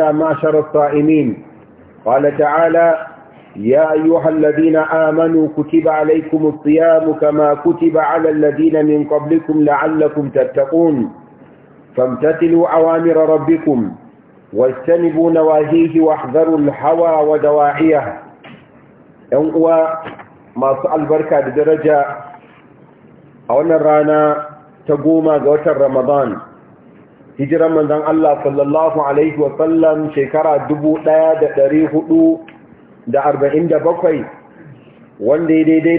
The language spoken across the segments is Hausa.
على معشر الصائمين قال تعالى يا أيها الذين آمنوا كتب عليكم الصيام كما كتب على الذين من قبلكم لعلكم تتقون فامتثلوا أوامر ربكم واجتنبوا نواهيه واحذروا الهوى ودواعيه ينقوى ما سأل بركة درجة أولا رانا تقوما قوة رمضان hijiran manzan Allah sallallahu Alaihi wasallam shekara bakwai, wanda ya daidai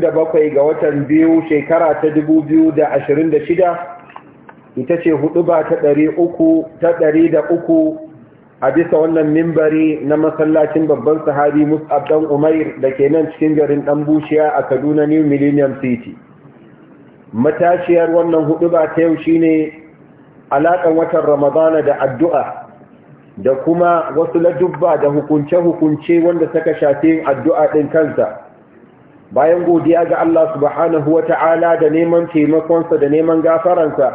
da bakwai ga watan biyu shekara ta shida, ita ce hudu ba ta uku a bisa wannan mimbari na masallacin babban sahabi mus'ab dan umair da ke nan cikin garin dan bushiya a kaduna new millennium city matashiyar wannan hudu ba ta yau shine alaƙan watan ramadana da addu'a da kuma wasu ladubba da hukunce-hukunce wanda suka shafi yin addu'a ɗin kansa bayan godiya ga Allah subhanahu wa ta'ala da neman taimakonsa da neman gafaransa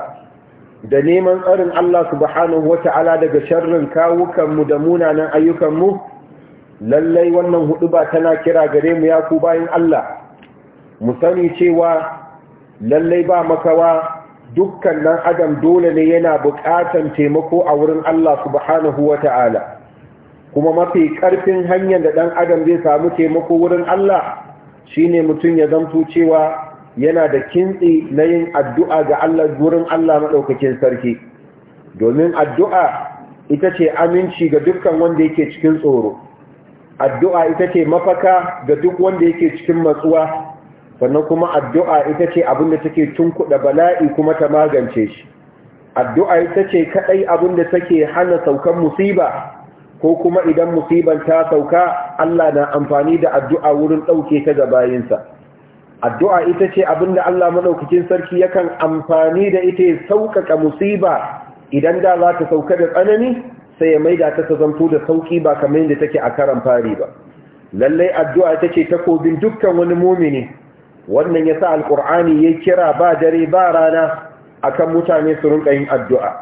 da neman tsarin Allah subhanahu wa ta'ala daga sharrin kawukanmu da munanan ayyukanmu lallai wannan hudu ba tana kira gare mu ya ku bayan Allah mu sani cewa lallai ba makawa dukkan nan adam dole ne yana buƙatan taimako a wurin Allah subhanahu wa ta'ala kuma mafi ƙarfin hanyar da ɗan adam zai samu taimako wurin Allah shine mutum ya zamto cewa yana da kintsi na yin addu'a ga Allah wurin Allah maɗaukakin sarki domin addu'a ita ce aminci ga dukkan wanda yake cikin tsoro addu'a ita ce mafaka ga duk wanda yake cikin matsuwa sannan kuma addu'a ita ce abin da take tunkuɗa bala'i kuma ta magance shi addu'a ita ce kaɗai abin da take hana saukan musiba ko kuma idan musiban ta sauka Allah na amfani da addu'a wurin ɗauke ta ga bayinsa addu'a ita ce abin da Allah maɗaukacin sarki yakan amfani da ita ya sauƙaƙa musiba idan da za ta sauka da tsanani sai ya maida ta zanto da sauƙi ba kamar yadda take a karan fari ba lallai addu'a ita ce takobin dukkan wani mumini wannan ya sa alƙur'ani ya kira ba dare ba rana akan mutane su rinka yin addu'a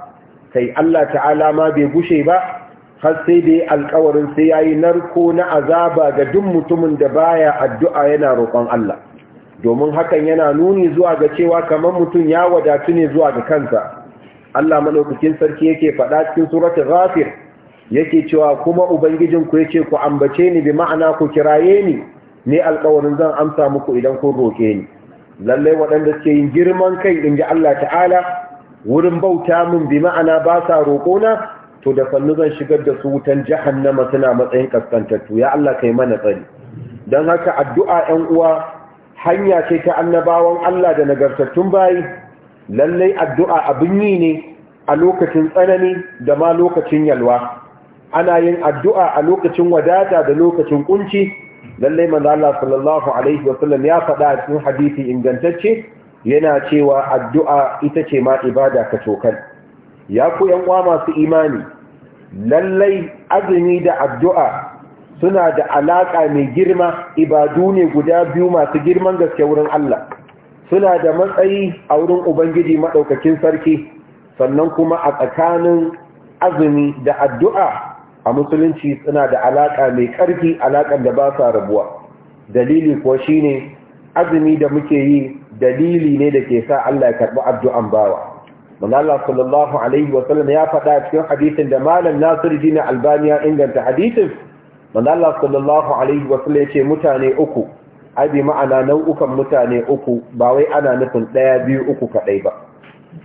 kai Allah ta'ala ma bai gushe ba har sai da ya alƙawarin sai ya yi narko na azaba ga duk mutumin da baya addu'a yana roƙon Allah domin hakan yana nuni zuwa ga cewa kamar mutum ya wadatu ne zuwa ga kansa Allah maɗaukakin sarki yake faɗa cikin suratul ghafir yake cewa kuma ubangijinku ce ku ambace ni bi ma'ana ku kiraye ni ni alƙawarin zan amsa muku idan kun roƙe ni lalle waɗanda suke yin girman kai in ji Allah ta'ala wurin bauta min bi ma'ana ba sa roƙona to da sannu zan shigar da su wutan jahannama suna matsayin kaskantattu ya Allah kai mana tsari dan haka addu'a ‘yan uwa hanya ce ta annabawan Allah da nagartattun bayi lallai addu'a abin yi ne a lokacin tsanani da ma lokacin yalwa ana yin addu'a a lokacin wadata da lokacin kunci lallai manzo Allah sallallahu alaihi wasallam ya faɗa a cikin hadisi ingantacce yana cewa addu'a ita ce ma ibada ka tokal ya ku yan uwa masu imani lallai azumi da addu'a suna da alaka mai girma ibadu ne guda biyu masu girman gaske wurin Allah suna da matsayi a wurin ubangiji madaukakin sarki sannan kuma a tsakanin azumi da addu'a a musulunci suna da alaƙa mai ƙarfi alaƙar da ba sa rabuwa dalili kuwa shine azumi da muke yi dalili ne da ke sa Allah ya karɓi addu'an bawa manalla sallallahu alaihi wasallam ya faɗa cikin hadisin da malam nasir jina albani ya inganta hadisin manalla sallallahu alaihi wasallam ya ce mutane uku abi ma'ana nau'ukan mutane uku ba wai ana nufin ɗaya biyu uku kaɗai ba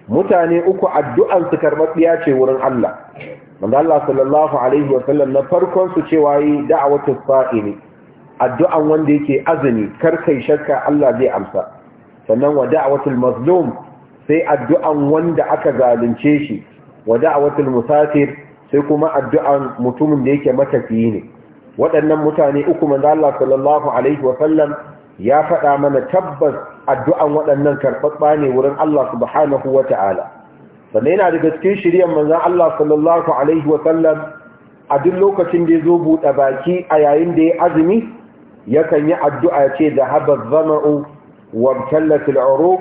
mutane uku addu'an su karɓaɓɓiya ce wurin Allah manzo Allah sallallahu alaihi wa sallam na farkon su cewa yi da'awatu addu'an wanda yake azumi kar kai shakka Allah zai amsa sannan wa da'watul mazlum sai addu'an wanda aka zalunce shi wa da'watul musafir sai kuma addu'an mutumin da yake matafiyi ne waɗannan mutane uku manzo Allah sallallahu alaihi wa sallam ya faɗa mana tabbas addu'an waɗannan karɓaɓɓa ne wurin Allah subhanahu wa ta'ala sannan yana daga cikin shirya manzan Allah sallallahu Alaihi wasallam a duk lokacin da ya zo buɗe baki a yayin da ya azumi yakan yi addu'a ce da haɓar zama'u wa tallafi al'uruk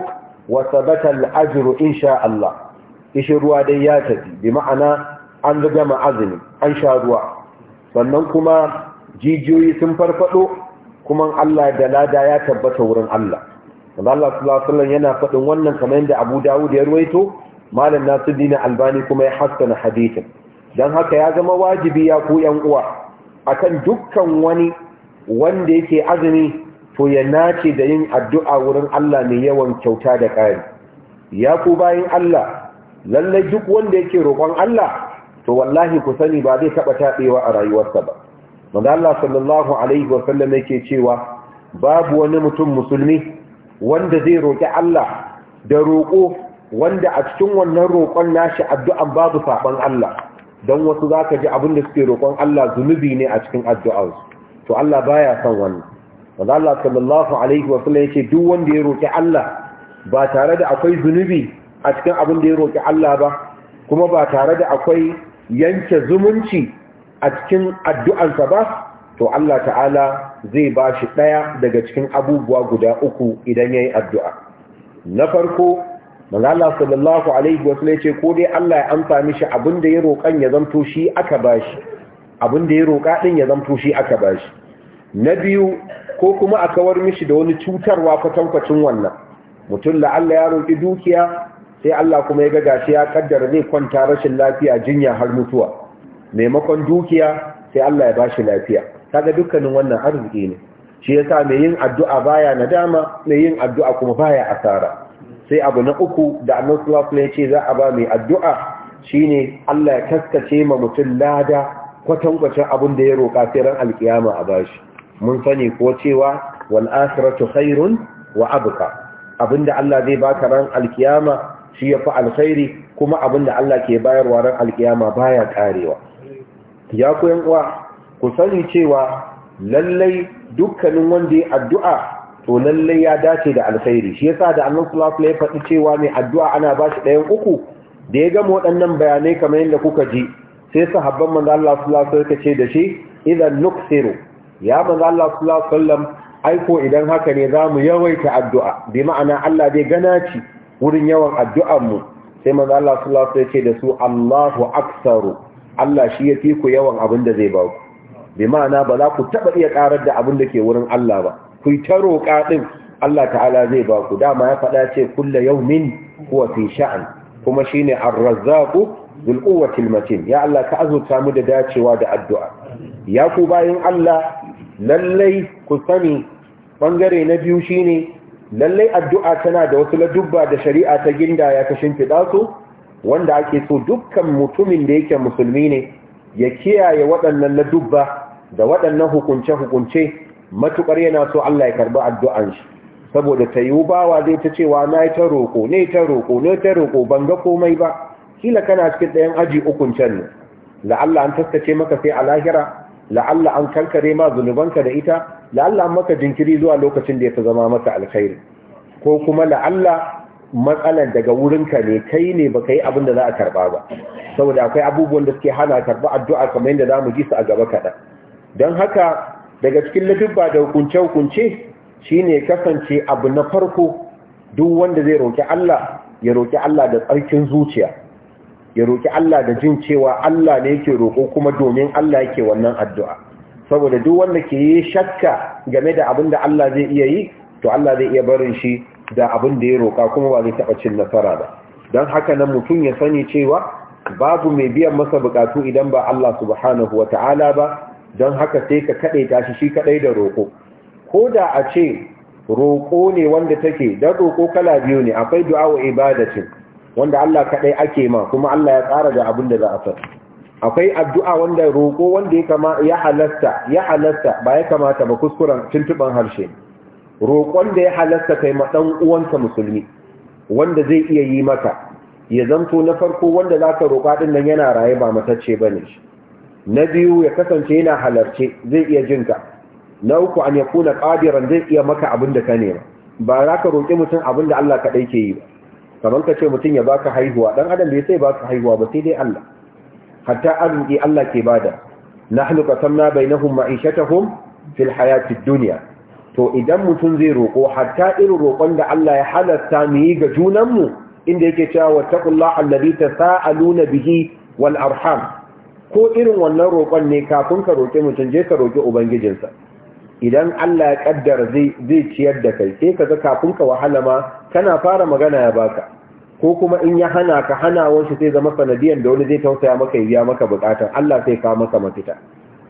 wa sabata al'ajiru insha Allah ishe ruwa dai ya tafi bi ma'ana an gama azumi an sha ruwa sannan kuma jijiyoyi sun farfaɗo, kuma Allah da lada ya tabbata wurin Allah. Allah sallallahu Alaihi wasallam yana faɗin wannan kamar yadda Abu Dawud ya ruwaito malam nasiruddin albani kuma ya hassana hadithin. dan haka ya zama wajibi ya ku yan uwa akan dukkan wani wanda yake azumi to ya nace da yin addu'a wurin Allah mai yawan kyauta da ƙari ya ku bayin Allah lallai duk wanda yake roƙon Allah to wallahi ku sani ba zai taɓa taɓewa a rayuwarsa ba manzo Allah sallallahu alaihi wa sallam yake cewa babu wani mutum musulmi wanda zai roƙi Allah da roƙo wanda a cikin wannan roƙon nashi addu'an babu saɓon Allah don wasu za ka ji abin da suke roƙon Allah zunubi ne a cikin addu'arsu to Allah baya son wannan wanda Allah sallallahu alaihi wasallam yake duk wanda ya roƙi Allah ba tare da akwai zunubi a cikin abin da ya roƙi Allah ba kuma ba tare da akwai yanke zumunci a cikin addu'arsa ba to Allah ta'ala zai ba shi ɗaya daga cikin abubuwa guda uku idan ya yi addu'a na farko Malala Allah sallallahu alaihi wasallam yace ko dai Allah ya amsa mishi abin da ya roƙan ya zanto shi aka bashi abin da ya roƙa din ya zanto shi aka bashi na biyu ko kuma a kawar mishi da wani cutarwa kwatankwacin wannan mutum la Allah ya roƙi dukiya sai Allah kuma ya ga gashi ya kaddara zai kwanta rashin lafiya jinya har mutuwa maimakon dukiya sai Allah ya bashi lafiya kaga dukkanin wannan arziki ne shi yasa mai yin addu'a baya nadama mai yin addu'a kuma baya asara sai abu na uku da annabawa sallallahu ya ce za a ba mai addu'a shine Allah ya kaskace ma mutum lada kwatankwacin abin da ya roka sai ran alkiyama a bashi mun sani ko cewa wal akhiratu khairun wa abqa abinda Allah zai baka ran alkiyama shi yafi alkhairi kuma abinda Allah ke bayarwa ran alkiyama baya karewa ya yan uwa ku sani cewa lallai dukkanin wanda ya addu'a to lalle ya dace da alkhairi shi yasa da Allah subhanahu ya faɗi cewa mai addu'a ana ba shi ɗayan uku da ya gama waɗannan bayanai kamar yadda kuka ji sai sahabban manzo Allah wa ta'ala wasallam ce da shi idan nuksiru ya manzo Allah wa ta'ala ai aiko idan haka ne zamu yawaita addu'a bi ma'ana Allah dai ganaci wurin yawan addu'ar mu sai manzo Allah wa ta'ala ya ce da su Allahu aktsaru Allah shi yafi ku yawan abin da zai ba ku bi ma'ana ba za ku taba iya karar da abin da ke wurin Allah ba ku ta roƙa ɗin Allah ta'ala zai ba ku dama ya faɗa ce kulla yau min kuwa fi sha'an kuma shi ne an razzaku zulƙuwatil matin ya Allah ka azurta mu da dacewa da addu'a ya ku bayan Allah lallai ku sani ɓangare na biyu shi ne lallai addu'a tana da wasu ladubba da shari'a ta ginda ya ta shimfiɗa su wanda ake so dukkan mutumin da yake musulmi ne ya kiyaye waɗannan ladubba da waɗannan hukunce-hukunce matukar yana so Allah ya karbi addu'an shi saboda ta yi zai ta cewa na ta roƙo ne ta roƙo ne ta roƙo ban ga komai ba kila kana cikin ɗayan aji ukun can ne la'alla an taskace maka sai a lahira la'alla an kankare ma zunubanka da ita la'alla an maka jinkiri zuwa lokacin da ya ta zama maka alkhairi ko kuma la'alla matsalan daga wurinka ne kai ne ba ka yi abin da za a karɓa ba saboda akwai abubuwan da suke hana karɓa addu'a kamar yadda za mu ji su a gaba kaɗan don haka daga cikin ladubba da hukunce-hukunce shi ne kasance abu na farko duk wanda zai roki Allah ya roki Allah da tsarkin zuciya ya roki Allah da jin cewa Allah ne yake roko kuma domin Allah yake wannan addu'a saboda duk wanda ke yi shakka game da abin da Allah zai iya yi to Allah zai iya barin shi da abin da ya roka kuma ba zai taɓa cin nasara ba don haka nan mutum ya sani cewa babu mai biyan masa bukatu idan ba Allah subhanahu wa ta'ala ba don haka sai ka kaɗe ta shi kaɗai da roƙo ko da a ce roƙo ne wanda take don roƙo kala biyu ne akwai du'a wa ibadatin wanda Allah kaɗai ake ma kuma Allah ya tsara da abin da za a akwai addu'a wanda roƙo wanda ya kama ya halasta ya halasta ba ya kamata ba kuskuren tuntuban harshe roƙon da ya halasta kai ma ɗan uwanka musulmi wanda zai iya yi maka ya zanto na farko wanda za ka roƙa ɗin nan yana raye ba matacce ba ne shi na biyu ya kasance yana halarce zai iya jinka na uku an yakuna qadiran zai iya maka abin da ka nema ba za ka roƙi mutum abin da Allah kaɗai ke yi ba kamar ka ce mutum ya baka haihuwa ɗan adam bai sai baka haihuwa ba sai dai Allah hatta arziki Allah ke bada nahnu qasamna bainahum hum! fil hayati duniya. to idan mutum zai roƙo hatta irin roƙon da Allah ya halasta mu yi ga junanmu inda yake cewa wattaqullaha allazi tasaaluna bihi wal arham ko irin wannan roƙon ne kafin ka roƙe mutum je ka roƙe ubangijinsa idan Allah ya kaddara zai ciyar da kai sai ka ga kafin ka wahala ma kana fara magana ya baka ko kuma in ya hana ka hana shi sai zama sanadiyan da wani zai tausaya maka ya biya maka bukata Allah sai ka maka mafita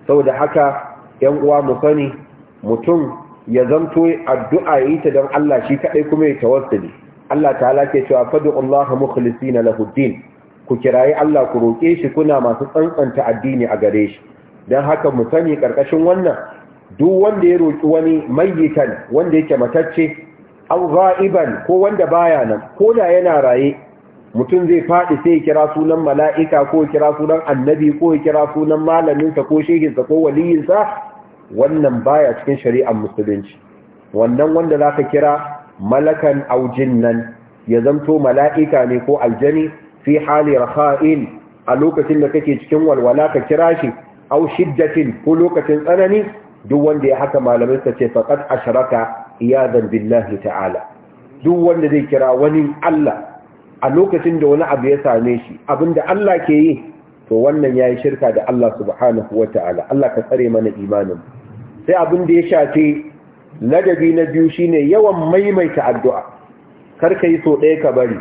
saboda haka yan uwa mu sani mutum ya zanto addu'a yi ta don Allah shi kaɗai kuma ya tawassuli Allah ta'ala ke cewa fad'u Allah mukhlisina lahu din ku kirayi Allah ku roƙe shi kuna masu tsantsanta addini a gare shi don haka mu sani ƙarƙashin wannan duk wanda ya roƙi wani mayyitan wanda yake matacce aw ghaiban ko wanda baya nan ko da yana raye mutum zai faɗi sai ya kira sunan mala'ika ko ya kira sunan annabi ko ya kira sunan malaminsa ko shehinsa ko sa wannan baya cikin shari'ar musulunci wannan wanda zaka kira malakan aw jinnan ya zamto mala'ika ne ko aljani fi hali raha'in a lokacin da kake cikin walwala ka kira shi aw shiddatin ko lokacin tsanani duk wanda ya haka malamin sa ce a ashraka iyadan billahi ta'ala duk wanda zai kira wani Allah a lokacin da wani abu ya same shi abinda Allah ke yi to wannan yayi shirka da Allah subhanahu wata'ala Allah ka tsare mana imanin sai abin da ya shafe ladabi na biyu shine yawan maimaita addu'a kar ka yi so ɗaya ka bari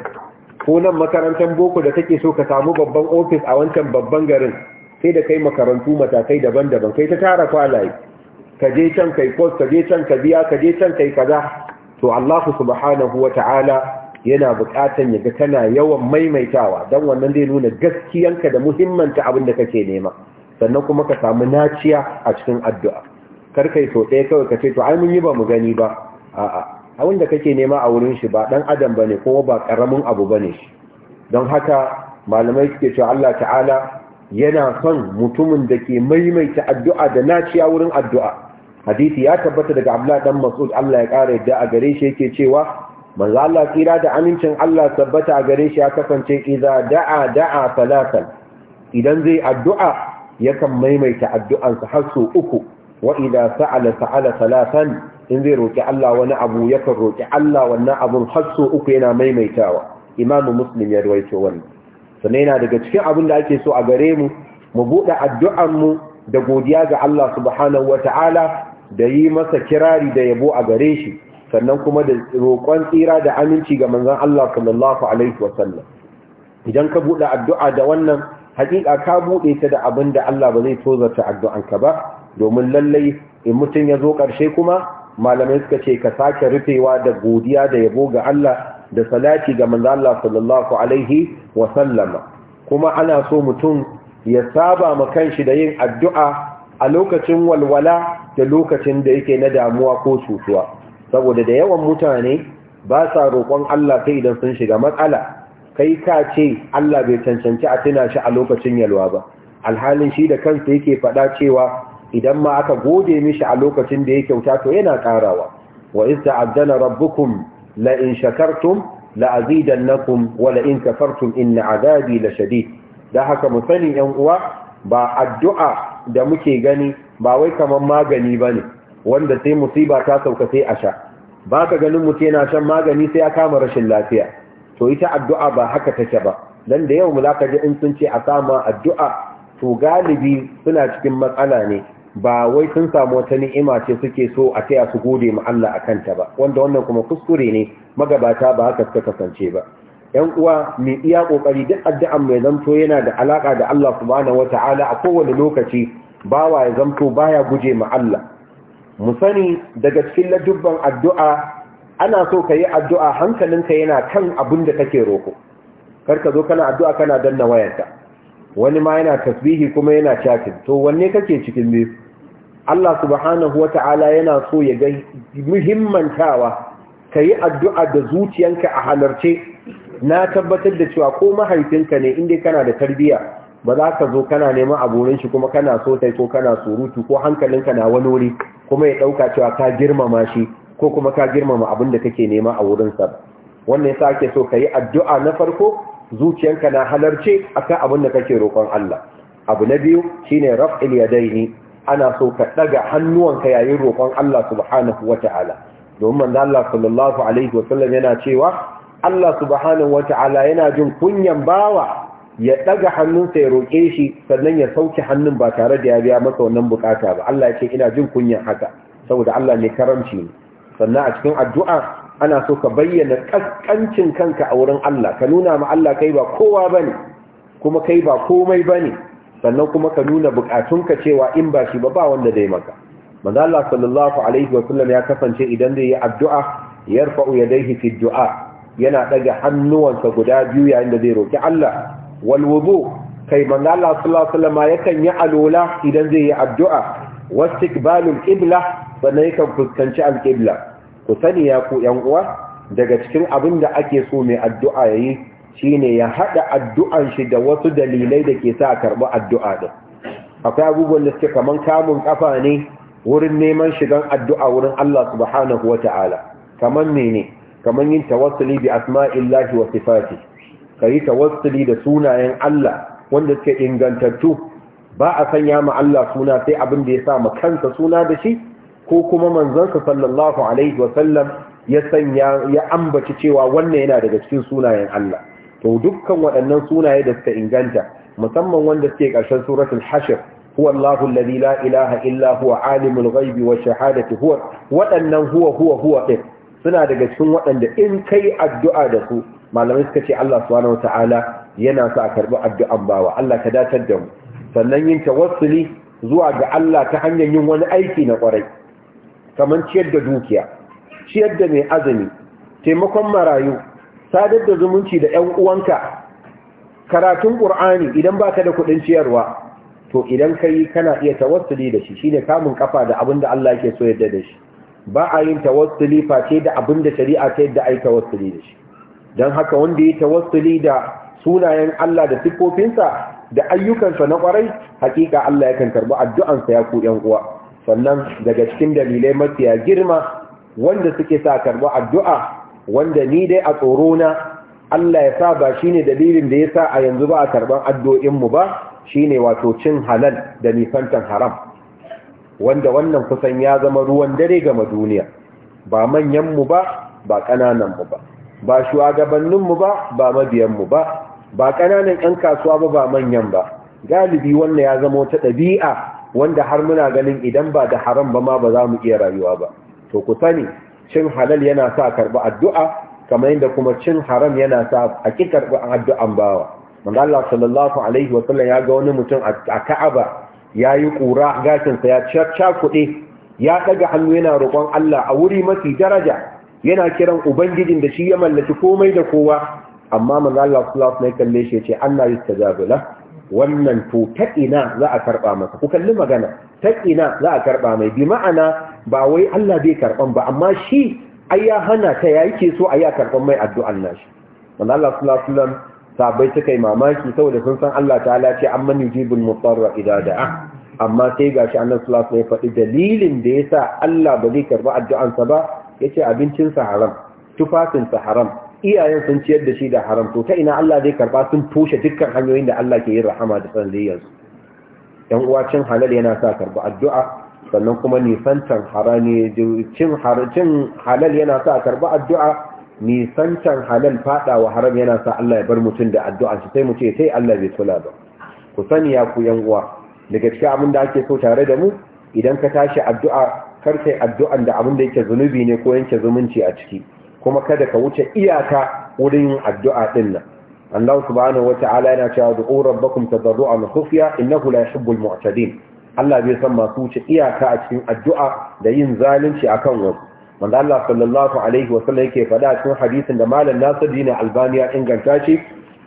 ko nan makarantar boko da take so ka samu babban ofis a wancan babban garin sai da kai makarantu matakai daban-daban kai ta tara kwalaye ka je can kai kos ka je can ka biya ka je can kai kaza to Allah subhanahu wata'ala yana bukatan yaga kana yawan maimaitawa dan wannan zai nuna gaskiyanka da muhimmanta abin da kake nema sannan kuma ka samu naciya a cikin addu'a kar kai so ɗaya kawai ka ce to ai mun yi ba mu gani ba a'a abin da kake nema a wurin shi ba dan adam bane kuma ba karamin abu bane shi don haka malamai suke cewa Allah ta'ala yana son mutumin da ke maimaita addu'a da naciya wurin addu'a hadisi ya tabbata daga Abdullah dan Mas'ud Allah ya kare da a gare shi yake cewa manzo Allah kira da amincin Allah tabbata a gare shi ya kasance idza da'a da'a salatan idan zai addu'a yakan maimaita addu'ansa har sau uku wa idza sa'ala sa'ala salatan in zai roƙi Allah wani abu kan roƙi Allah wannan abun har uku yana maimaitawa imamu muslim ya ruwaito wani. sannan yana daga cikin abin da ake so a gare mu mu buɗe addu'ar mu da godiya ga Allah subhanahu ta'ala, da yi masa kirari da yabo a gare shi sannan kuma da roƙon tsira da aminci ga manzon Allah sallallahu alaihi sallam. idan ka buɗe addu'a da wannan hakika ka buɗe ta da abin da Allah ba zai tozarta addu'anka ba domin lallai in mutum ya zo ƙarshe kuma malamai suka ce ka sake rufewa da godiya da yabo ga Allah da salati ga manzo Allah sallallahu alaihi wa sallama kuma ana so mutum ya saba ma kanshi da yin addu'a a lokacin walwala da lokacin da yake na damuwa ko cutuwa saboda da yawan mutane ba sa roƙon Allah sai idan sun shiga matsala kai ka ce Allah bai cancanci a tuna shi a lokacin yalwa ba alhalin shi da kansa yake faɗa cewa idan ma aka gode mishi a lokacin da ya kyauta to yana karawa wa iz ta'addana rabbukum la in shakartum la azidannakum wa la in kafartum in azabi la shadid da haka mu sani yan uwa ba addu'a da muke gani ba wai kaman magani bane wanda sai musiba ta sauka sai a sha ka ganin mutum yana shan magani sai ya kama rashin lafiya to ita addu'a ba haka take ba dan da yau mu zaka ji in sun ce a sama addu'a to galibi suna cikin matsala ne ba wai sun samu wata ni'ima ce suke so a taya su gode ma Allah a kanta ba wanda wannan kuma kuskure ne magabata ba haka suka kasance ba yan uwa mai iya kokari duk addu'an mai zamto yana da alaka da Allah subhanahu wataala a kowane lokaci bawa ya zamto baya guje ma Allah mu sani daga cikin ladubban addu'a ana so ka yi addu'a hankalinka yana kan abin da kake roko ka zo kana addu'a kana danna wayarka wani ma yana tasbihi kuma yana chatting to wanne kake cikin biyu Allah subhanahu ta'ala yana so ya ga muhimmantawa ka yi addu'a da zuciyanka a halarce na tabbatar da cewa ko mahaifinka ne inda kana da tarbiyya ba za ka zo kana nema abonin shi kuma kana so tai ko kana surutu ko hankalinka na wani wuri kuma ya ɗauka cewa ka girmama shi ko kuma ka girmama abin da kake nema a wurinsa wannan yasa ake so ka yi addu'a na farko zuciyanka na halarce a akan abin da kake roƙon Allah abu na biyu shine raf'il yadaini ana so ka daga hannuwanka yayin roƙon Allah subhanahu wata'ala domin manzo Allah sallallahu alaihi wasallam yana cewa Allah subhanahu wata'ala yana jin kunyan bawa ya daga hannunsa ya roƙe shi sannan ya sauke hannun ba tare da ya biya masa wannan bukata ba Allah yake ina jin kunyan haka saboda Allah ne karamci ne sannan a cikin addu'a ana so ka bayyana kaskancin kanka a wurin Allah ka nuna ma Allah kai ba kowa bane kuma kai ba komai bane sannan kuma ka nuna bukatunka cewa in ba shi ba ba wanda zai maka manzo Allah sallallahu alaihi wa sallam ya kasance idan zai yi addu'a yarfa'u yadayhi fi du'a yana daga hannuwansa guda biyu yayin da zai roki Allah wal wudu kai manzo Allah sallallahu alaihi wa sallam yakan yi alula idan zai yi addu'a wastiqbalul qibla sannan yakan fuskanci alqibla ku sani ya ku yan uwa daga cikin abin da ake so mai addu'a yayi shine ya haɗa addu'an shi da wasu dalilai da ke sa karɓi addu'a ɗin akwai abubuwan da suke kaman kamun kafa ne wurin neman shigan addu'a wurin Allah subhanahu wa ta'ala kaman mene kaman yin tawassuli bi asma'illahi wa sifati kayi tawassuli da sunayen Allah wanda suke ingantattu ba a sanya ma Allah suna sai abin da ya sa ma kansa suna da shi ko kuma manzansa sallallahu alaihi wasallam ya sanya ya ambaci cewa wannan yana daga cikin sunayen Allah to dukkan waɗannan sunaye da suka inganta musamman wanda suke ƙarshen suratul hashir huwa Allahu alladhi la ilaha illa huwa alimul ghaibi wa shahadati huwa waɗannan huwa huwa huwa din suna daga cikin waɗanda in kai addu'a da su malamai suka ce Allah subhanahu wataala yana sa a karbi addu'an bawa Allah ka datar da mu sannan yin tawassuli zuwa ga Allah ta hanyar yin wani aiki na kwarai kamar ciyar da dukiya ciyar da mai azumi taimakon marayu sadar da zumunci da ‘yan uwanka karatun ƙur'ani idan ba ka da kuɗin ciyarwa to idan ka yi kana iya tawassuli da shi shine kamun kafa da abin da Allah yake so yadda da shi ba a yin tawassuli face da abin da shari'a ta yadda a yi tawassuli da shi don haka wanda ya tawassuli da sunayen Allah da siffofinsa da ayyukansa na kwarai hakika Allah yakan karbi sa ya ku ‘yan uwa sannan daga cikin dalilai mafiya girma wanda suke sa karbi addu'a wanda ni dai a tsoro na Allah ya sa ba shine dalilin da ya sa a yanzu ba a karban addu'o'inmu ba shine wato cin halal da nisantan haram wanda wannan kusan ya zama ruwan dare ga duniya ba manyanmu ba ba ƙanananmu ba ba shugabanninmu ba ba mabiyanmu ba ba ƙananan 'yan kasuwa ba ba manyan ba galibi wannan ya zama wata ɗabi'a wanda har muna ganin idan ba da haram ba ma ba za mu iya rayuwa ba to ku sani cin halal yana sa karba addu'a kamar yadda kuma cin haram yana sa a ki karba addu'an bawa manzo Allah sallallahu alaihi Wasallam ya ga wani mutum a Ka'aba yayi kura gashin sa ya cacca kuɗe ya ɗaga hannu yana roƙon Allah a wuri mafi daraja yana kiran ubangijin da shi ya mallaki komai da kowa amma manzo Allah sallallahu alaihi wa kalle shi ya ce anna yustajabu wannan to ta ina za a karba masa ku kalli magana ta ina za a karba mai bi ma'ana ba wai Allah bai karban ba amma shi ai ya hana ta ya yake so ai ya karban mai addu'an nashi manzo Allah sallallahu alaihi wasallam sabai suka yi mamaki saboda sun san Allah ta'ala ce amma yujibul mutarra idza da'a amma sai gashi shi sallallahu alaihi wasallam ya faɗi dalilin da yasa Allah ba zai karba addu'an sa ba yace abincin sa haram tufafin sa haram iyayen sun ciyar da shi da haram to ta ina Allah zai karba sun toshe dukkan hanyoyin da Allah ke yin rahama da sanadiyyar su yan uwa cin halal yana sa karba addu'a sannan kuma nisantan harani cin halal yana sa a karba addu'a nisantan halal fadawa haram yana sa Allah ya bar mutum da addu'a shi sai mu ce sai Allah bai kula ba ku sani ya ku yan uwa daga cikin abin da ake so tare da mu idan ka tashi addu'a kar kai addu'an da abin da yake zunubi ne ko yanke zumunci a ciki kuma kada ka wuce iyaka wurin yin addu'a din nan Allah subhanahu ta'ala yana cewa du'u rabbakum tadarru'an khufya innahu la yuhibbul mu'tadin Allah bai san masu wuce iyaka a cikin addu'a da yin zalunci akan wasu manzo Allah sallallahu alaihi wa sallam yake faɗa cikin hadisin da malam Nasiruddin Albani Albaniya inganta shi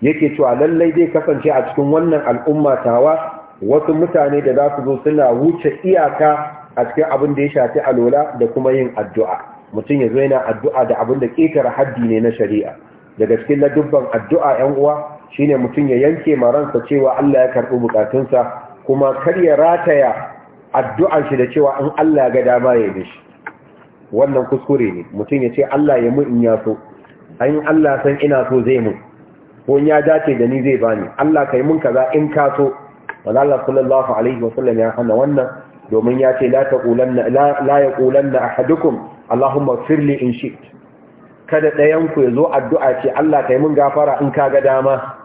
yake cewa lallai zai kasance a cikin wannan al'umma tawa wasu mutane da za su zo suna wuce iyaka a cikin abin da ya shafi alola da kuma yin addu'a mutum ya zo yana addu'a da abin da ƙetare haddi ne na shari'a daga cikin ladubban addu'a ‘yan uwa shine mutum ya yanke maransa cewa Allah ya karɓi bukatunsa kuma kar rataya addu'an shi da cewa in Allah ga dama ya yi shi wannan kuskure ne mutum ya ce Allah ya mu in ya so in Allah san ina so zai mu ko in ya dace da ni zai bani Allah kai mun kaza in ka so Allah sallallahu alaihi wasallam ya hana wannan domin ya ce la taqulanna la yaqulanna ahadukum Allahumma firli in shi't kada ɗayan ku yazo addu'a ce Allah kai mun gafara in ka ga dama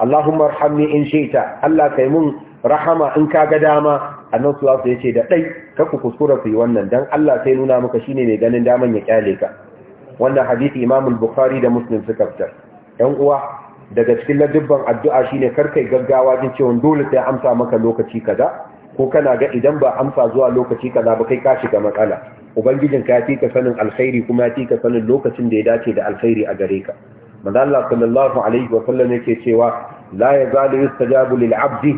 Allahumma arhamni in shi'ta Allah kai mun rahama in ka ga dama annan su ya ce da ɗai ka ku kuskura su yi wannan don Allah sai nuna maka shine mai ganin daman ya kyale ka wannan hadisi imamul bukhari da muslim suka fitar yan uwa daga cikin ladubban addu'a shine karkai gaggawa jin cewa dole sai amsa maka lokaci kaza ko kana ga idan ba amsa zuwa lokaci kaza ba kai ka shiga matsala ubangijin ka ya tika sanin alkhairi kuma ya tika sanin lokacin da ya dace da alkhairi a gare ka manzo Allah sallallahu alaihi wa sallam yake cewa la yazalu yustajabu lil abdi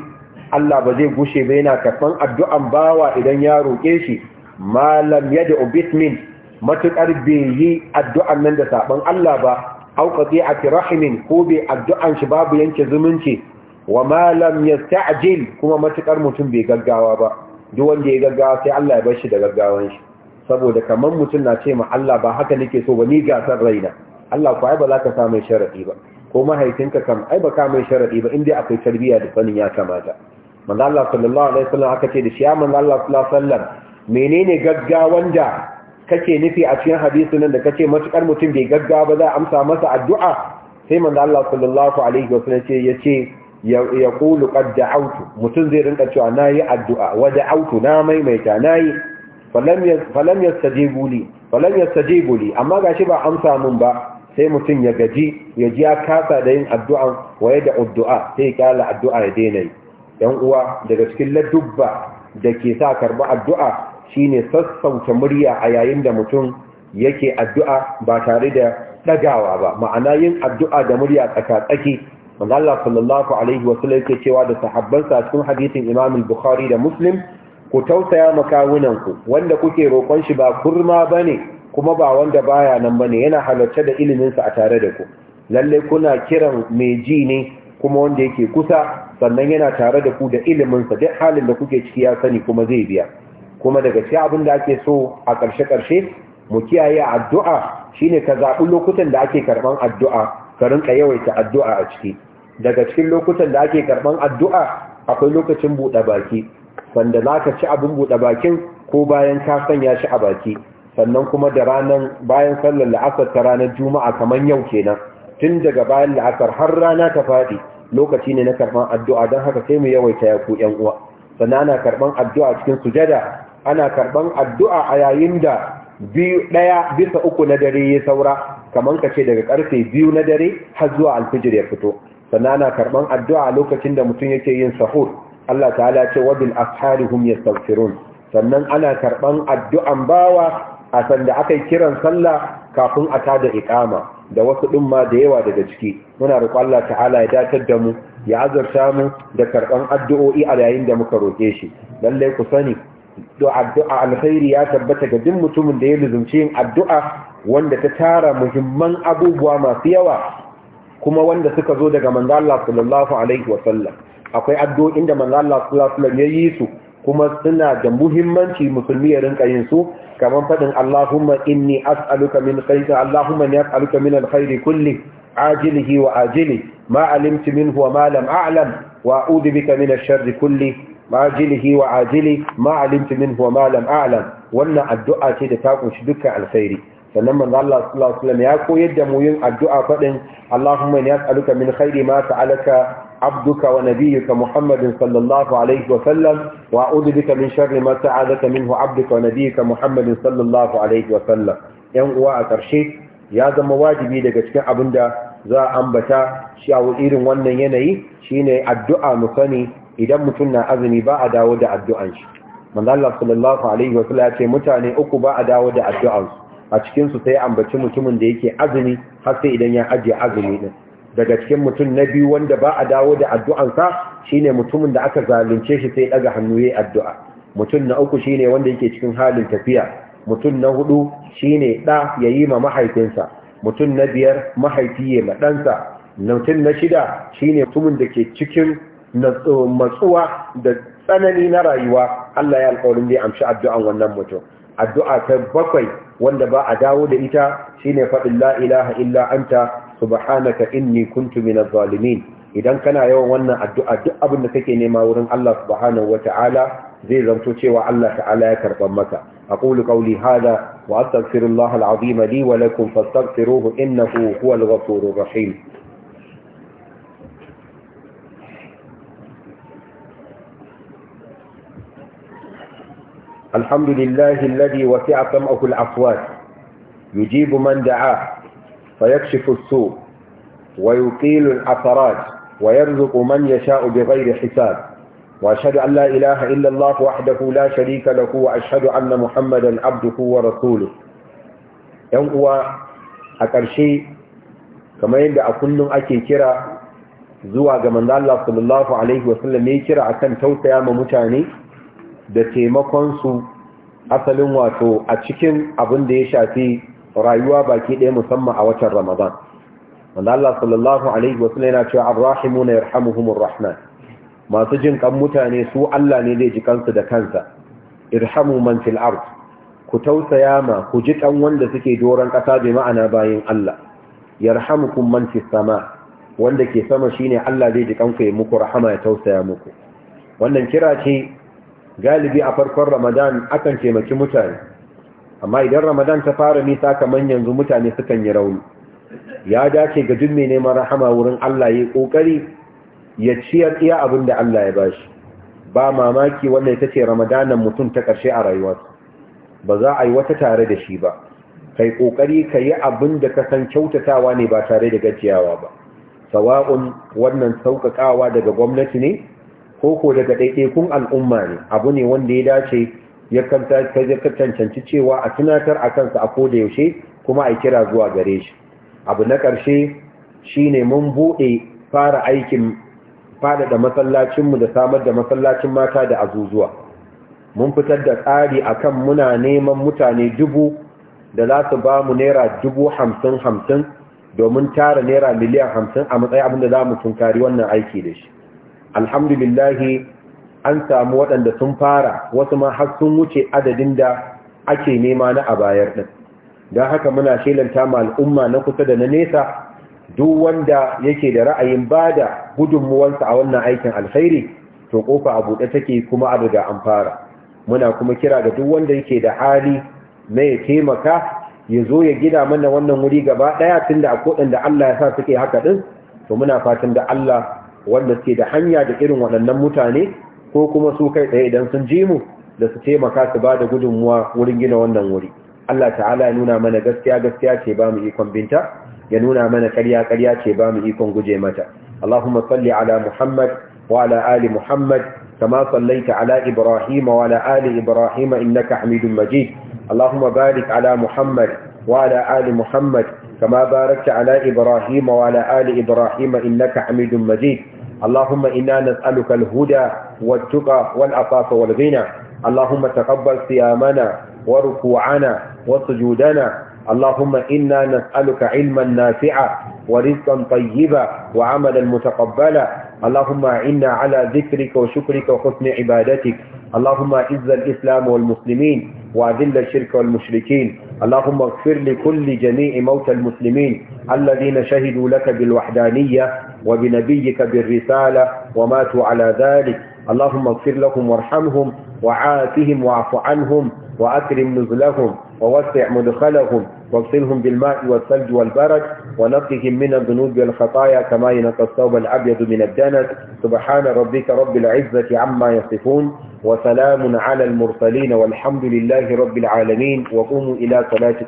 Allah ba zai gushe ba yana karɓan addu'an bawa idan ya roƙe shi malam yadda obitmin matuƙar bai yi addu'an nan da saɓon Allah ba auƙaƙe a firahimin ko bai addu'an shi babu yanke zumunci wa malam ya ta'ajil kuma matuƙar mutum bai gaggawa ba duk wanda ya gaggawa sai Allah ya bar shi da gaggawan shi saboda kamar mutum na ce ma Allah ba haka nake so ba ni gasar raina Allah ku ai ba za ka sa mai sharaɗi ba ko mahaifinka kam ai ba mai sharaɗi ba in dai akwai tarbiyya da fannin ya kamata manzo Allah sallallahu alaihi wasallam aka ce da shi ya manzo Allah sallallahu alaihi wasallam menene gaggawan da kake nufi a cikin hadisin nan da kace matukar mutum bai gaggawa ba za a amsa masa addu'a sai manzo Allah sallallahu alaihi wasallam ce yace ya qulu qad da'awtu mutum zai rinka cewa nayi addu'a wa da'awtu na maimaita nayi falam falam yastajibu li falam yastajibu li amma gashi ba amsa mun ba sai mutum ya gaji ya ji ya kasa da yin addu'a wa ya da addu'a sai ya kyala addu'a ya daina yi yan uwa daga cikin ladubba da ke sa karba addu'a shine sassauta murya a yayin da mutum yake addu'a ba tare da ɗagawa ba ma'ana yin addu'a da murya tsaka tsaki Allah sallallahu alaihi wa yake cewa da sahabbansa cikin hadisin Imam bukhari da Muslim ku tausaya makawunanku. ku wanda kuke roƙon shi ba kurma bane kuma ba wanda baya nan bane yana halarta da ilimin sa a tare da ku Lallai kuna kiran mai ji ne kuma wanda yake kusa sannan yana tare da ku da iliminsa duk halin da kuke ciki ya sani kuma zai biya kuma daga cikin abin da ake so a ƙarshe-ƙarshe mu kiyaye addu'a shine ka zaɓi lokutan da ake karɓan addu'a ka rinka yawaita addu'a a ciki daga cikin lokutan da ake karɓan addu'a akwai lokacin buɗe baki sanda za ka ci abin buɗe bakin ko bayan ka sanya shi a baki sannan kuma da ranar bayan sallar la'asar ta ranar juma'a kamar yau kenan tun daga bayan la'asar har rana ta faɗi lokaci ne na karɓar addu'a don haka sai mu yawaita ya ku ‘yan uwa sannan ana karɓar addu'a cikin sujada ana karɓar addu'a a yayin da biyu ɗaya bisa uku na dare ya saura kamar ka ce daga ƙarfe biyu na dare har zuwa alfijir ya fito sannan ana karɓar addu'a lokacin da mutum yake yin sahur Allah ta'ala ce wabil asharihum yastaghfirun sannan ana karɓar addu'an bawa a sanda aka yi kiran sallah kafin a tada iƙama. da wasu ɗin ma da yawa daga ciki muna ƙwalla Allah ta'ala ya datar da mu ya azarta mu da karɓan addu'o'i a yayin da muka roƙe shi lallai ku sani addu'a alkhairi ya tabbata ga duk mutumin da ya lizumci yin addu'a wanda ta tara muhimman abubuwa masu yawa kuma wanda suka zo daga manzo akwai addu'o'in da manzo ya yi su kuma suna da muhimmanci musulmi ya rinka yin su kamar faɗin Allahumma inni as'aluka min khairin Allahumma inni as'aluka min alkhairi kulli ajilihi wa ajili ma alimtu minhu wa ma lam a'lam wa a'udhu bika min ash-sharri kulli ajilihi wa ajili ma alimtu minhu wa ma lam a'lam wannan addu'a ce da ta kunshi dukkan alkhairi sannan manzo Allah sallallahu alaihi wasallam ya koyar da mu yin addu'a faɗin Allahumma inni as'aluka min khairi ma sa'alaka عبدك ونبيك محمد صلى الله عليه وسلم وأعوذ بك من شر ما سعادك منه عبدك ونبيك محمد صلى الله عليه وسلم uwa a ƙarshe ya zama wajibi daga cikin abin da za a ambata shi a irin wannan yanayi shine addu'a mu sani idan mutum na azumi ba a dawo da addu'an shi manzo Allah sallallahu alaihi wa sallam ya ce mutane uku ba a dawo da addu'an su a cikin su sai ambaci mutumin da yake azumi har sai idan ya ajiye azumi din daga cikin mutum na biyu wanda ba a dawo da addu'ansa shine mutumin da aka zalunce shi sai daga hannu yayin addu'a mutum na uku shine wanda yake cikin halin tafiya mutum na hudu shine da yayi ma mahaifinsa mutum na biyar mahaifi ya ma ɗansa mutum na shida shine mutumin da ke cikin matsuwa da tsanani na rayuwa Allah ya alƙawarin da ya amshi addu'an wannan mutum addu'a ta bakwai wanda ba a dawo da ita shine faɗin la ilaha illa anta subhanaka inni kuntu minaz zalimin idan kana yawan wannan addu'a duk abin da kake nema wurin Allah subhanahu wata'ala zai zanto cewa Allah ta'ala ya karban maka aqulu qawli hadha wa astaghfirullaha al'azim li wa lakum fastaghfiruhu innahu huwal ghafurur rahim الحمد لله الذي وسع سمعه الأصوات يجيب من دعاه فيكشف السوء ويقيل العثرات ويرزق من يشاء بغير حساب وأشهد أن لا إله إلا الله وحده لا شريك له وأشهد أن محمدا عبده ورسوله ينقوى أكرشي كما يبدأ أكل أكي كرا zuwa ga manzo Allah sallallahu alaihi wasallam ne kira akan tausaya ma mutane da taimakon su asalin wato a cikin abin da ya shafi rayuwa baki ɗaya musamman a watan ramadan wanda Allah sallallahu alaihi wasallam na cewa arrahimuna yarhamuhumur rahman masu jin kan mutane su Allah ne zai ji kansu da kansa irhamu man fil ard ku tausaya ma ku ji kan wanda suke doran kasa bi ma'ana bayin Allah yarhamukum man fis sama wanda ke sama shine Allah zai ji kanku ya muku rahama ya tausaya muku wannan kira ce galibi a farkon Ramadan akan taimaki mutane amma idan ramadan ta fara nisa kamar yanzu mutane sukan yi rauni ya dace ga duk mai neman rahama wurin Allah ya kokari ya ciyar iya abin da Allah ya bashi ba mamaki wannan ita ce ramadanan mutum ta ƙarshe a rayuwarsa ba za a yi wata tare da shi ba kai kokari ka yi abin da ka san kyautatawa ne ba tare da gajiyawa ba sawa'un wannan sauƙaƙawa daga gwamnati ne ko ko daga ɗaiɗaikun al'umma ne abu ne wanda ya dace ya kancanci cewa a tunatar a kansa a koda yaushe kuma a kira zuwa gare shi abu na ƙarshe shi ne mun buɗe fara aikin faɗaɗa masallacinmu da samar da masallacin mata da azuzuwa mun fitar da tsari a kan muna neman mutane dubu da za su ba mu naira dubu hamsin hamsin domin tara naira miliyan hamsin a matsayin abinda za mu tunkari wannan aiki da shi alhamdulillahi an samu waɗanda sun fara wasu ma har sun wuce adadin da ake nema na a bayar ɗin don haka muna shelanta ma al'umma na kusa da na nesa duk wanda yake da ra'ayin ba da gudunmuwansa a wannan aikin alkhairi to kofa a buɗe take kuma a riga an fara muna kuma kira ga duk wanda yake da hali na ya taimaka ya zo ya gida mana wannan wuri gaba ɗaya tun da akwai da Allah ya sa suke haka ɗin to muna fatan da Allah wanda suke da hanya da irin waɗannan mutane ko kuma su kai tsaye idan sun ji mu da su taimaka su ba da gudunmuwa wurin gina wannan wuri Allah ta'ala ya nuna mana gaskiya gaskiya ce ba mu ikon binta ya nuna mana ƙarya ƙarya ce ba mu ikon guje mata Allahumma salli ala Muhammad wa ala ali Muhammad kama sallaita ala Ibrahim wa ala ali Ibrahim innaka Hamidum Majid Allahumma barik ala Muhammad wa ala ali Muhammad kama barakta ala Ibrahim wa ala ali Ibrahim innaka Hamidum Majid اللهم إنا نسألك huda. والتقى والعفاف والغنى اللهم تقبل صيامنا وركوعنا وسجودنا اللهم إنا نسألك علما نافعا ورزقا طيبا وعملا متقبلا اللهم إنا على ذكرك وشكرك وحسن عبادتك اللهم عز الإسلام والمسلمين وأذل الشرك والمشركين اللهم اغفر لكل جميع موتى المسلمين الذين شهدوا لك بالوحدانية وبنبيك بالرسالة وماتوا على ذلك اللهم اغفر لهم وارحمهم وعافهم واعف عنهم وأكرم نزلهم ووسع مدخلهم واغسلهم بالماء والثلج والبرد ونقهم من الذنوب والخطايا كما ينقى الثوب الأبيض من الدنس سبحان ربك رب العزة عما يصفون وسلام على المرسلين والحمد لله رب العالمين وقوموا إلى صلاتكم